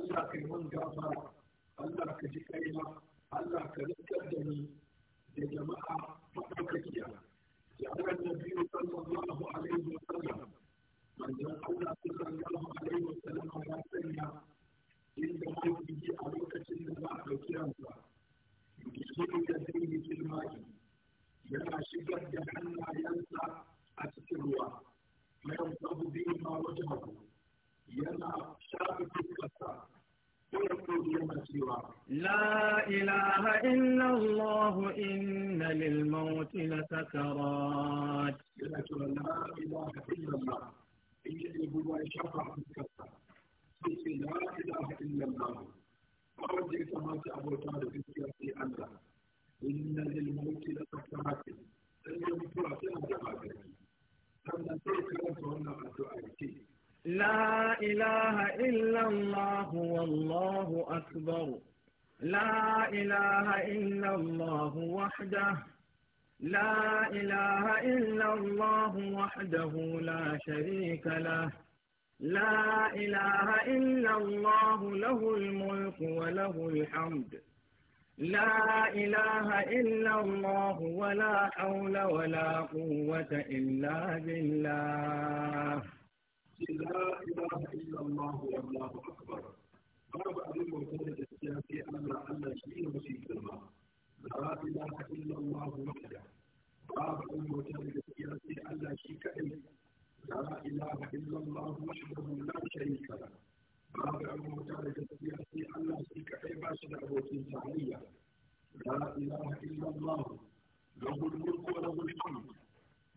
Allah ka yi man gafara Allah ka ji kaina Allah ka rikar da ni da النبي صلى الله عليه وسلم من يقول صلى الله عليه وسلم على سنة عند موته على كتن بعد كيانسا يدخل يديه في الماء يا شجر جهنم ينسى أتسروا به ما وجهه يرى شاب تلك لا إله إلا الله إن للموت لسكرات لا إله إلا الله إن البلوى شفع تكسر لا إله إلا الله أبو طالب في إن للموت لسكرات أن تكون لا إله إلا الله والله أكبر لا إله إلا الله وحده لا إله إلا الله وحده لا شريك له لا إله إلا الله له الملك وله الحمد لا إله إلا الله ولا حول ولا قوة إلا بالله لا إله إلا الله والله أكبر باب أبي موتان السياسي أمر أن شيء في سلمى لا إله إلا الله وحده باب أبي موتان السياسي أن شيء كأي لا إله إلا الله وحده لا شريك له باب أبي موتان السياسي أن شيء كأي باشر أبو لا إله إلا الله له الملك وله الحمد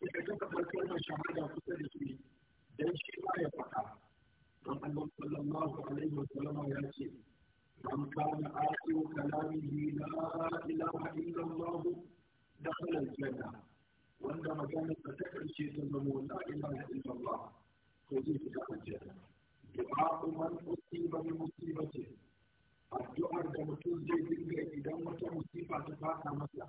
suka kasa farkon na shahada kusa da shi don shi ya faɗa don Allah sallallahu alaihi ya ce wanda magana ta ta karshe ta zama la ilaha illa to zai fita addu'ar da mutum zai dinga idan wata musiba ta fada masa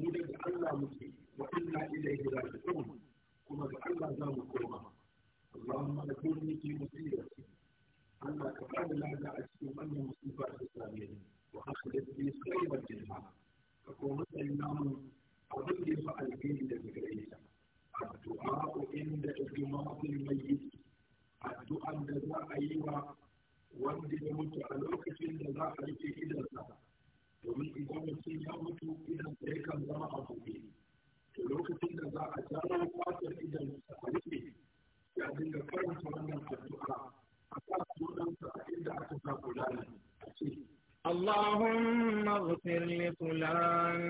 mu daga Allah muke wa inna ilaihi raji'un kuma ga Allah za mu koma Allahumma ajurni fi musibati Allah ka bani lada a cikin wannan musiba da same ni wa akhlif bi khayran minha ka kuma tsayina mun abin da yafi alheri daga gare ta addu'a inda ijma'ul mayyit addu'an da za a yi wa wanda ya mutu a lokacin da za a rike idansa domin idan mutum ya mutu idan اللهم اغفر لفلان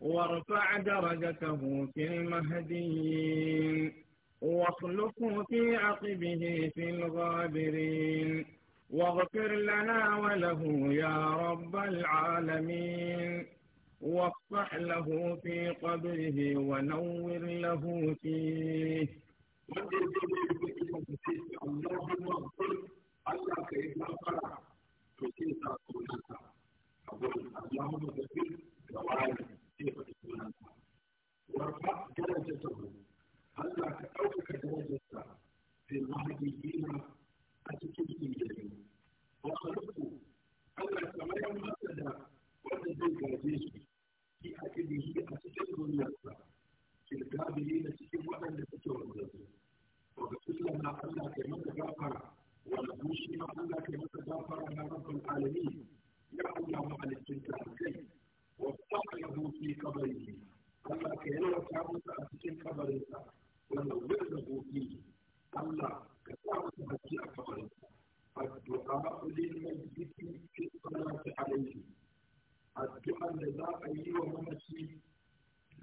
وارفع درجته في المهديين واخلفه في عقبه في الغابرين واغفر لنا وله يا رب العالمين واصفح له في قبره ونور له فيه اللهم اغفر presenta una a Bueno, Hablamos de kabari Allah ka yalwata masa a cikin kabarinsa wanda wanda gobe Allah ka sa masa haske a kabarinsa addu'a ulil majlisi fi salati alayhi addu'a da za a yi wa mamaci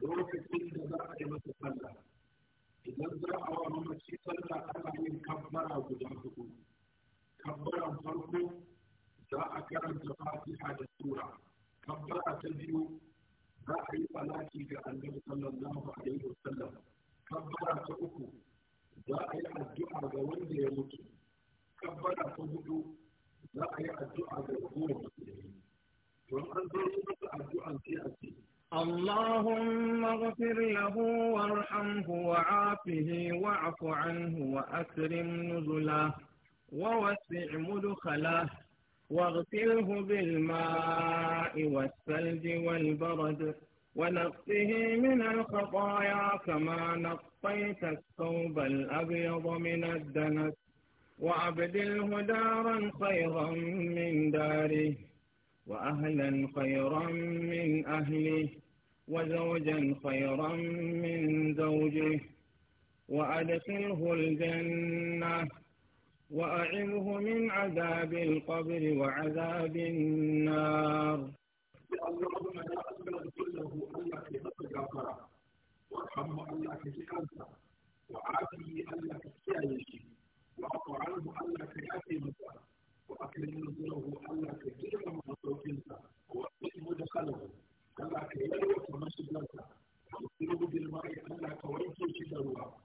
lokacin da za a yi masa sallah idan za a wa mamaci sallah ana yin kabbara guda hudu kabbaran farko za a karanta fatiha da sura kabbara ta biyu za a yi salati ga annabi sallallahu alaihi wasallam kabbara ta uku za a yi addu'a ga wanda ya mutu kabbara ta hudu za a yi addu'a ga goma musulmi don an zo yi masa addu'an sai a ce اللهم اغفر له وارحمه وعافه واعف عنه وأكرم نزله ووسع مدخله واغسله بالماء والثلج والبرد ونقصه من الخطايا كما نقيت الثوب الأبيض من الدنس وأبدله دارا خيرا من داره وأهلا خيرا من أهله وزوجا خيرا من زوجه وأدخله الجنة وأعظه من عذاب القبر وعذاب النار اللهم يا الله كله الله كتاب جافرة وارحمه الله كتابه وعافيه الله كتابه وعفو أنك الله كتابه وأكرم نزله الله كتابه مصروفينه وأكرم مدخله الله كيلوه ومشبلته وأكرمه بالماء أنك كوينته شدرها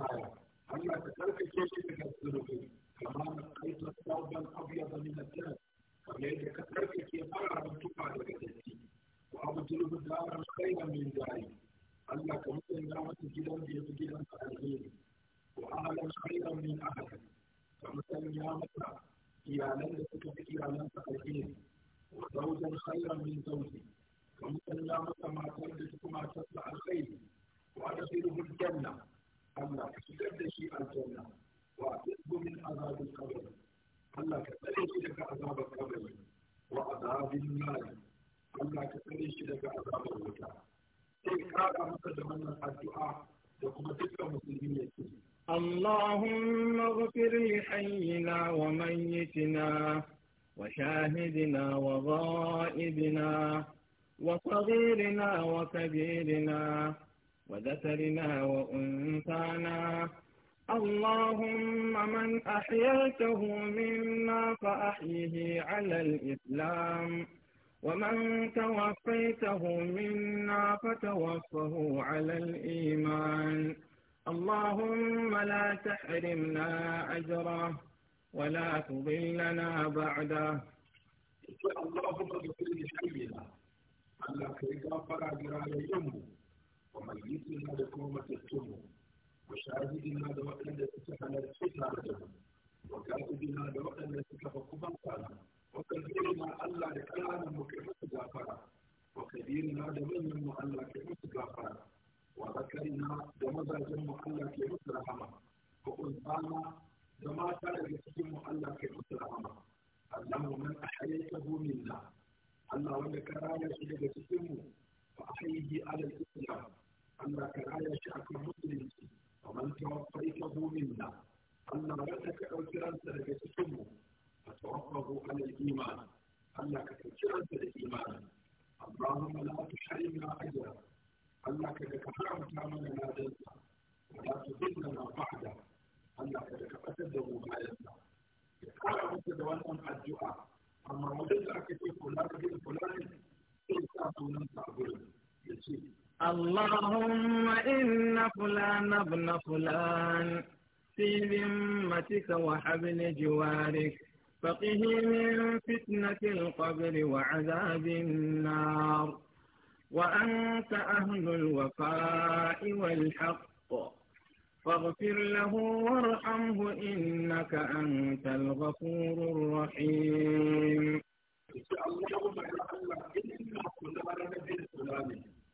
I'm not fire. Allah ka karfe shi daga zunubi. a fitar da shi aljanna wa aqidhu min azabil qabr Allah ka tsare shi daga azabar kabari wa azabil nar Allah ka tsare shi daga azabar wuta sai kara masa da wannan addu'a da kuma dukkan musulmi ya ce اللهم اغفر لحينا وميتنا وشاهدنا وغائبنا وصغيرنا وكبيرنا وذكرنا وأنثانا اللهم من أحييته منا فأحيه على الإسلام ومن توفيته منا فتوفه على الإيمان اللهم لا تحرمنا أجره ولا تضلنا بعده اللهم بكل شيء على كي غفر على وميتنا لكومة التهم وشاهدنا لوقت التي تحملت فتنتهم وكاتبنا لوقت التي تفقد وكبيرنا ألا لكلام مكرمة جعفر وكبيرنا لمن مؤلا كرمة جعفر وذكرنا لمزاج مؤلا كرمة رحمة وأنثانا لما كان يسلم مؤلا كرمة رحمة الله من أحييته منا الله ولك راية لك تسلمه فأحيه على الإسلام أنك كآية شعب مسلم ومن توفيته منا أن رأتك أو كرانت لك تسمه فتوفه على الإيمان أنك تكرانت الإيمان اللهم لا تحرمنا أجرا أنك لك حرمت من لا ولا تضلنا بعدا أنك لك أتده ما ينسى يقال متدولا الدعاء أما وجدت أكتب فلان بن فلان إن كانوا ننسى يسير اللهم إن فلان ابن فلان في ذمتك وحبل جوارك فقه من فتنة القبر وعذاب النار وأنت أهل الوفاء والحق فاغفر له وارحمه إنك أنت الغفور الرحيم. إن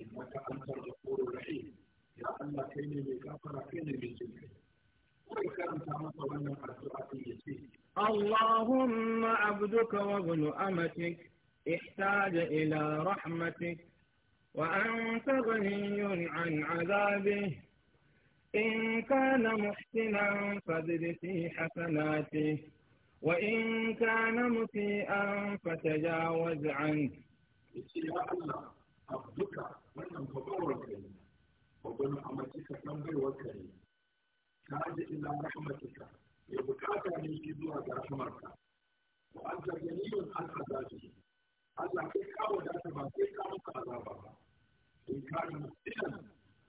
إنك أنت الغفور الرحيم يا الله كيني كيني اللهم عبدك وابن أمتك احتاج إلى رحمتك وأنت غني عن عذابه إن كان محسنا فزد في حسناته وإن كان مسيئا فتجاوز عنه yace ya Allah abduka wannan babawar ka ne babban amatika tambayar ka ne ta ji ila rahmatika ya bukata ne shi zuwa ga rahmarka wa anta ganiyun an azabi Allah kai ka wadata ba sai ka maka azaba ba in ka yi mutsinan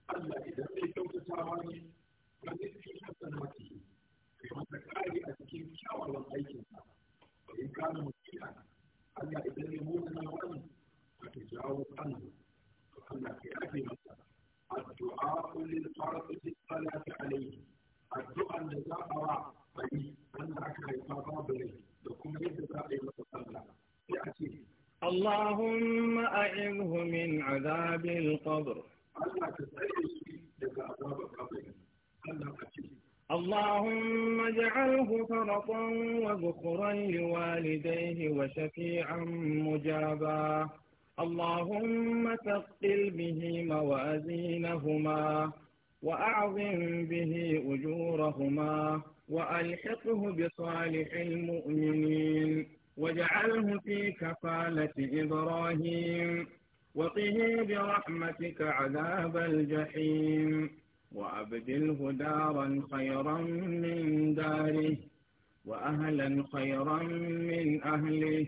Allah idan bai kyautatawa ne ba zai fi hasan maki kai masa kari a cikin kyawawan aikinsa in ka yi mutsinan Allah idan ya mutana wani dawo kan to Allah ya yafe masa addu'a lil farqi salati alayhi addu'an da za a wa bari wanda aka haifa babu rai da kuma yadda za a yi masa اللهم أعذه من عذاب القبر اللهم اجعله فرطا وذخرا لوالديه وشفيعا مجابا اللهم ثقل به موازينهما وأعظم به أجورهما وألحقه بصالح المؤمنين واجعله في كفالة إبراهيم وقه برحمتك عذاب الجحيم وأبدله دارا خيرا من داره وأهلا خيرا من أهله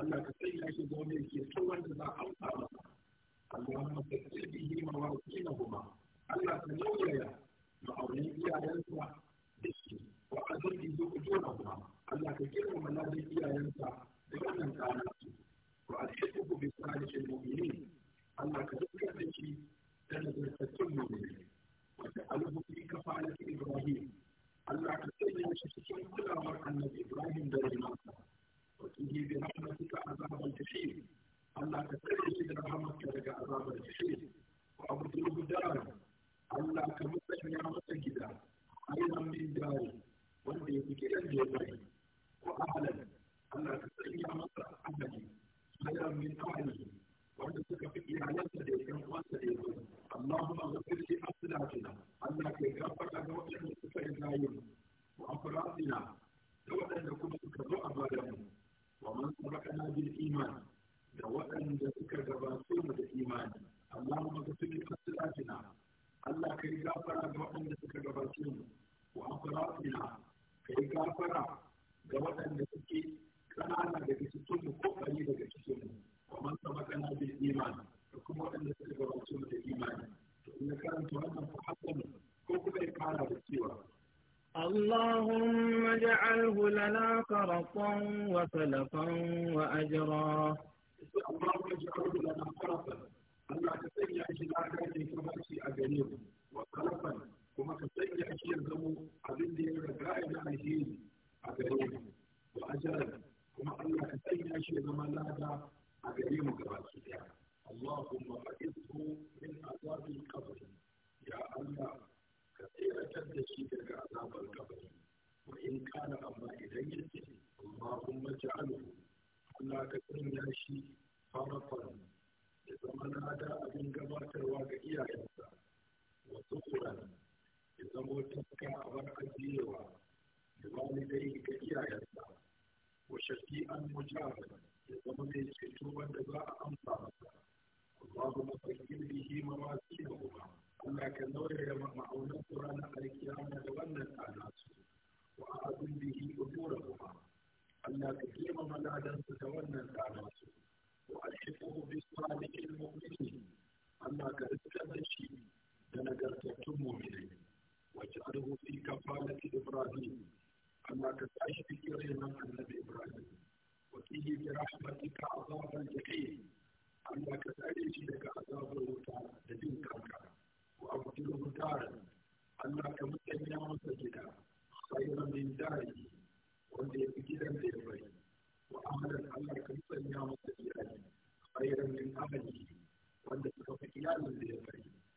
Allah ka sanya shi ga wanda ke to wanda za a amsa masa Allahumma fassir bihi mawaqinahuma Allah ka ma aure iyayensa da shi wa jona zuwa Allah ka girmama ladin iyayensa kamar sanya masa gida ainihin min dari wanda ya fi gidan da ya bari ko ahalan وأقرأ منا كي كافرا جوان نسك كنا على جبرتون وقف لي ومن سبقنا أن نسك جبرتون بالإيمان فإن كان تهدم فحسن كيف يقال بالسيوة اللهم اجعله لنا قرطا وسلفا واجرا اللهم اجعله لنا قرطا الله تسيئ اجلاله في فرشي اجريهم kuskuren ya zama tukka abar ajiyewa da walidai ga iyayensa wa shafi'an mujahid ya zama mai ceto wanda za a amsa masa Allahumma fa'il bihi mawasidahuma Allah ka nauraya ma'aunan ranar alkiyama da wannan tsana su wa a'adun bihi umurahuma Allah ka girmama ladansu da wannan tsana su wa alhiqahu bis salihin mu'minin Allah ka rizkar da shi بعده في كفالة إبراهيم أما كتعيش بكريما النبي إبراهيم وفيه برحمتك عذاب الجحيم أما كتعيش لك عذاب الوتى لدين كركا وأبدله دارا أما كمتنيا يوم خيرا من داري وأنت يبجدا لإبراهيم وأهلا أما كمتنيا يوم خيرا من أهله وأنت تكفي كيانا